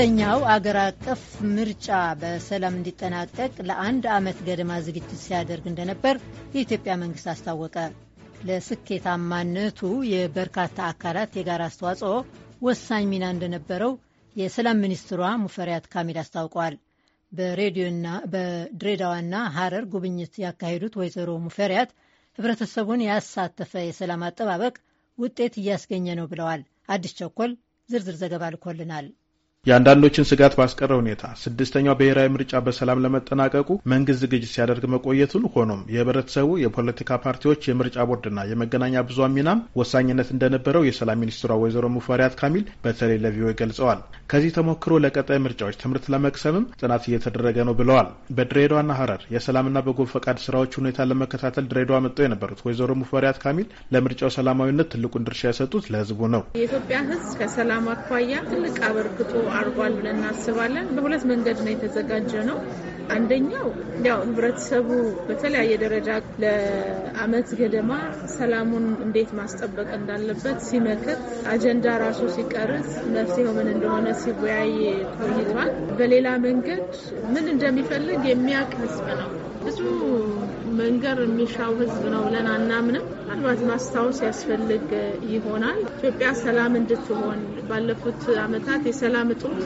ሁለተኛው አገር አቀፍ ምርጫ በሰላም እንዲጠናቀቅ ለአንድ ዓመት ገደማ ዝግጅት ሲያደርግ እንደነበር የኢትዮጵያ መንግስት አስታወቀ። ለስኬታማነቱ የበርካታ አካላት የጋራ አስተዋጽኦ ወሳኝ ሚና እንደነበረው የሰላም ሚኒስትሯ ሙፈሪያት ካሚል አስታውቀዋል። በሬዲዮና በድሬዳዋና ሐረር ጉብኝት ያካሄዱት ወይዘሮ ሙፈሪያት ህብረተሰቡን ያሳተፈ የሰላም አጠባበቅ ውጤት እያስገኘ ነው ብለዋል። አዲስ ቸኮል ዝርዝር ዘገባ ልኮልናል። የአንዳንዶችን ስጋት ባስቀረ ሁኔታ ስድስተኛው ብሔራዊ ምርጫ በሰላም ለመጠናቀቁ መንግስት ዝግጅት ሲያደርግ መቆየቱን ሆኖም የህብረተሰቡ የፖለቲካ ፓርቲዎች የምርጫ ቦርድና የመገናኛ ብዙሃን ሚናም ወሳኝነት እንደነበረው የሰላም ሚኒስትሯ ወይዘሮ ሙፈሪያት ካሚል በተለይ ለቪኦኤ ገልጸዋል። ከዚህ ተሞክሮ ለቀጣይ ምርጫዎች ትምህርት ለመቅሰምም ጥናት እየተደረገ ነው ብለዋል። በድሬዳዋና ሀረር የሰላምና በጎ ፈቃድ ስራዎች ሁኔታ ለመከታተል ድሬዳዋ መጥተው የነበሩት ወይዘሮ ሙፈሪያት ካሚል ለምርጫው ሰላማዊነት ትልቁን ድርሻ የሰጡት ለህዝቡ ነው። የኢትዮጵያ ህዝብ ከሰላም አኳያ ትልቅ አበርክቶ አድርጓል ብለን እናስባለን። በሁለት መንገድ ነው የተዘጋጀ ነው። አንደኛው ያው ህብረተሰቡ በተለያየ ደረጃ ለአመት ገደማ ሰላሙን እንዴት ማስጠበቅ እንዳለበት ሲመክር አጀንዳ ራሱ ሲቀርጽ መፍትሄው ምን እንደሆነ ሲወያይ ቆይቷል። በሌላ መንገድ ምን እንደሚፈልግ የሚያውቅ ህዝብ ነው። ብዙ መንገር የሚሻው ህዝብ ነው ብለን አናምንም። ምናልባት ማስታወስ ያስፈልግ ይሆናል ኢትዮጵያ ሰላም እንድትሆን ባለፉት አመታት የሰላም እጦት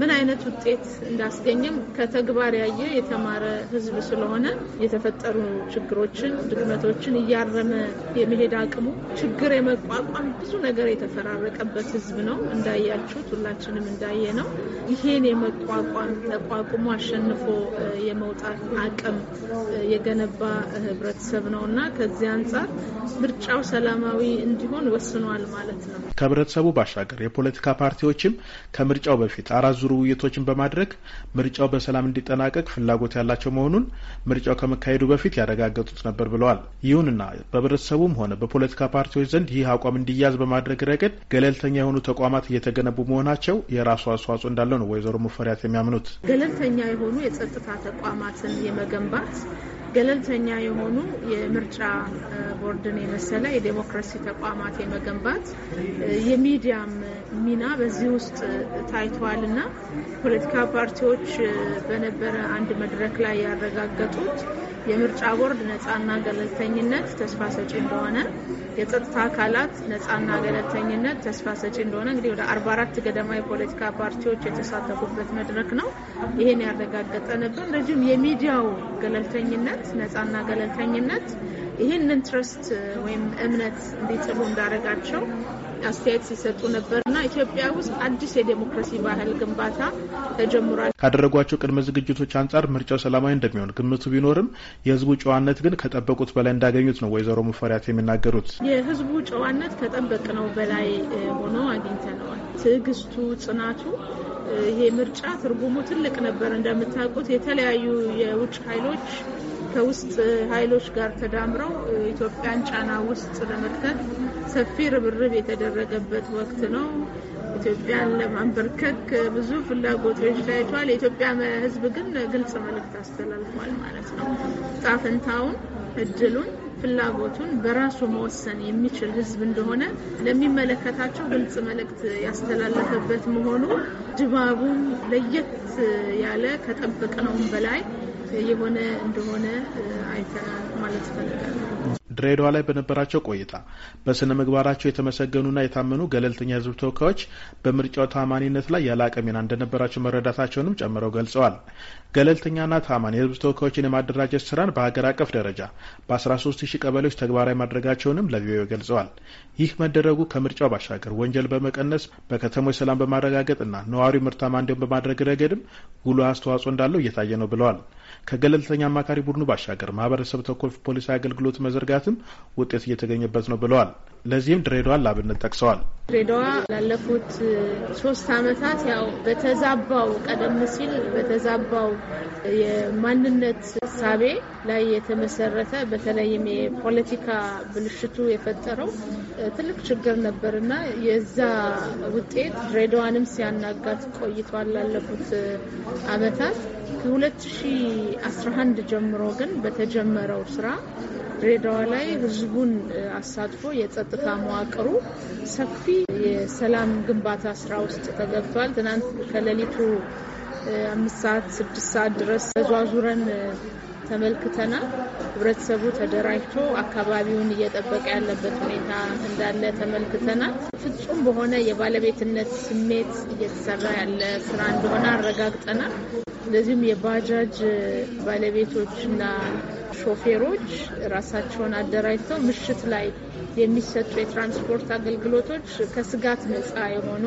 ምን አይነት ውጤት እንዳስገኘም ከተግባር ያየ የተማረ ህዝብ ስለሆነ የተፈጠሩ ችግሮችን፣ ድክመቶችን እያረመ የመሄድ አቅሙ ችግር የመቋቋም ብዙ ነገር የተፈራረቀበት ህዝብ ነው። እንዳያችሁት ሁላችንም እንዳየ ነው። ይሄን የመቋቋም ተቋቁሞ አሸንፎ የመውጣት አቅም የገነባ ህብረተሰብ ነው እና ከዚህ አንጻር ምርጫው ሰላማዊ እንዲሆን ወስኗል ማለት ነው። ከህብረተሰቡ ባሻገር የፖለቲካ ፓርቲዎችም ከምርጫው በፊት አራዙ ዙር ውይይቶችን በማድረግ ምርጫው በሰላም እንዲጠናቀቅ ፍላጎት ያላቸው መሆኑን ምርጫው ከመካሄዱ በፊት ያረጋገጡት ነበር ብለዋል። ይሁንና በህብረተሰቡም ሆነ በፖለቲካ ፓርቲዎች ዘንድ ይህ አቋም እንዲያዝ በማድረግ ረገድ ገለልተኛ የሆኑ ተቋማት እየተገነቡ መሆናቸው የራሱ አስተዋጽኦ እንዳለው ነው ወይዘሮ ሙፈሪያት የሚያምኑት። ገለልተኛ የሆኑ የጸጥታ ተቋማትን የመገንባት ገለልተኛ የሆኑ የምርጫ ቦርድን የመሰለ የዴሞክራሲ ተቋማት የመገንባት የሚዲያም ሚና በዚህ ውስጥ ታይተዋል እና ፖለቲካ ፓርቲዎች በነበረ አንድ መድረክ ላይ ያረጋገጡት የምርጫ ቦርድ ነፃና ገለልተኝነት ተስፋ ሰጪ እንደሆነ የጸጥታ አካላት ነጻና ገለልተኝነት ተስፋ ሰጪ እንደሆነ እንግዲህ ወደ አርባ አራት ገደማ የፖለቲካ ፓርቲዎች የተሳተፉበት መድረክ ነው። ይህን ያረጋገጠ ነበር። ረጅም የሚዲያው ገለልተኝነት ነጻና ገለልተኝነት ይህንን ትረስት ወይም እምነት እንዲጥሉ እንዳረጋቸው አስተያየት ሲሰጡ ነበርና ኢትዮጵያ ውስጥ አዲስ የዴሞክራሲ ባህል ግንባታ ተጀምሯል። ካደረጓቸው ቅድመ ዝግጅቶች አንጻር ምርጫው ሰላማዊ እንደሚሆን ግምቱ ቢኖርም የህዝቡ ጨዋነት ግን ከጠበቁት በላይ እንዳገኙት ነው ወይዘሮ ሙፈሪያት የሚናገሩት። የህዝቡ ጨዋነት ከጠበቅነው በላይ ሆኖ አግኝተነዋል። ትዕግስቱ፣ ጽናቱ ይሄ ምርጫ ትርጉሙ ትልቅ ነበር። እንደምታውቁት የተለያዩ የውጭ ኃይሎች ከውስጥ ኃይሎች ጋር ተዳምረው ኢትዮጵያን ጫና ውስጥ ለመክተት ሰፊ ርብርብ የተደረገበት ወቅት ነው። ኢትዮጵያን ለማንበርከክ ብዙ ፍላጎቶች ታይቷል። የኢትዮጵያ ሕዝብ ግን ግልጽ መልእክት አስተላልፏል ማለት ነው። ጣፍንታውን፣ እድሉን፣ ፍላጎቱን በራሱ መወሰን የሚችል ህዝብ እንደሆነ ለሚመለከታቸው ግልጽ መልእክት ያስተላለፈበት መሆኑ ድባቡም ለየት ያለ ከጠበቅነውም በላይ የሆነ እንደሆነ አይተናል ማለት ይፈልጋል። ድሬዳዋ ላይ በነበራቸው ቆይታ በስነ ምግባራቸው የተመሰገኑና የታመኑ ገለልተኛ የህዝብ ተወካዮች በምርጫው ታማኒነት ላይ ያላቀ ሚና እንደነበራቸው መረዳታቸውንም ጨምረው ገልጸዋል። ገለልተኛና ታማኒ የህዝብ ተወካዮችን የማደራጀት ስራን በሀገር አቀፍ ደረጃ በ13 ሺህ ቀበሌዎች ተግባራዊ ማድረጋቸውንም ለቪኦኤ ገልጸዋል። ይህ መደረጉ ከምርጫው ባሻገር ወንጀል በመቀነስ በከተሞች ሰላም በማረጋገጥና ነዋሪው ምርታማ እንዲሆን በማድረግ ረገድም ጉልህ አስተዋጽኦ እንዳለው እየታየ ነው ብለዋል። ከገለልተኛ አማካሪ ቡድኑ ባሻገር ማህበረሰብ ተኮር ፖሊሲ አገልግሎት መዘርጋትም ውጤት እየተገኘበት ነው ብለዋል። ለዚህም ድሬዳዋን ላብነት ጠቅሰዋል። ድሬዳዋ ላለፉት ሶስት ዓመታት ያው በተዛባው ቀደም ሲል በተዛባው የማንነት ሳቤ ላይ የተመሰረተ በተለይም የፖለቲካ ብልሽቱ የፈጠረው ትልቅ ችግር ነበር የዛ ውጤት ድሬዳዋንም ሲያናጋት ቆይቷል ላለፉት ዓመታት ከ2011 ጀምሮ ግን በተጀመረው ስራ ድሬዳዋ ላይ ህዝቡን አሳትፎ የጸጥታ መዋቅሩ ሰፊ የሰላም ግንባታ ስራ ውስጥ ተገብቷል። ትናንት ከሌሊቱ አምስት ሰዓት ስድስት ሰዓት ድረስ ተዟዙረን ተመልክተናል። ህብረተሰቡ ተደራጅቶ አካባቢውን እየጠበቀ ያለበት ሁኔታ እንዳለ ተመልክተናል። ፍጹም በሆነ የባለቤትነት ስሜት እየተሰራ ያለ ስራ እንደሆነ አረጋግጠናል። እንደዚሁም የባጃጅ ባለቤቶችና ሾፌሮች ራሳቸውን አደራጅተው ምሽት ላይ የሚሰጡ የትራንስፖርት አገልግሎቶች ከስጋት ነጻ የሆኑ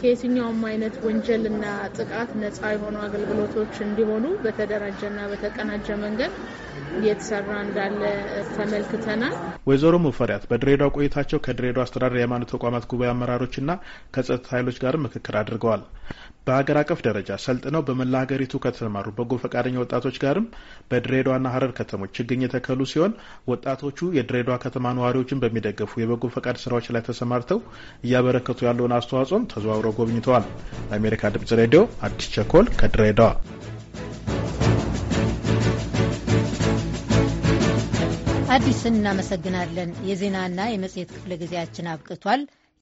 ከየትኛውም አይነት ወንጀልና ጥቃት ነፃ የሆኑ አገልግሎቶች እንዲሆኑ በተደራጀና በተቀናጀ መንገድ እየተሰራ እንዳለ ተመልክተናል። ወይዘሮ ሙፈሪያት በድሬዳዋ ቆይታቸው ከድሬዳዋ አስተዳደር የሃይማኖት ተቋማት ጉባኤ አመራሮችና ከጸጥታ ኃይሎች ጋር ምክክር አድርገዋል። በሀገር አቀፍ ደረጃ ሰልጥነው በመላ ሀገሪቱ ከተሰማሩ በጎ ፈቃደኛ ወጣቶች ጋርም በድሬዳዋና ሀረር ከተሞች ችግኝ የተከሉ ሲሆን ወጣቶቹ የድሬዳዋ ከተማ ነዋሪዎችን በሚደገፉ የበጎ ፈቃድ ስራዎች ላይ ተሰማርተው እያበረከቱ ያለውን አስተዋጽኦም ተዘዋውረው ጎብኝተዋል። ለአሜሪካ ድምጽ ሬዲዮ አዲስ ቸኮል ከድሬዳዋ አዲስን እናመሰግናለን። የዜናና የመጽሔት ክፍለ ጊዜያችን አብቅቷል።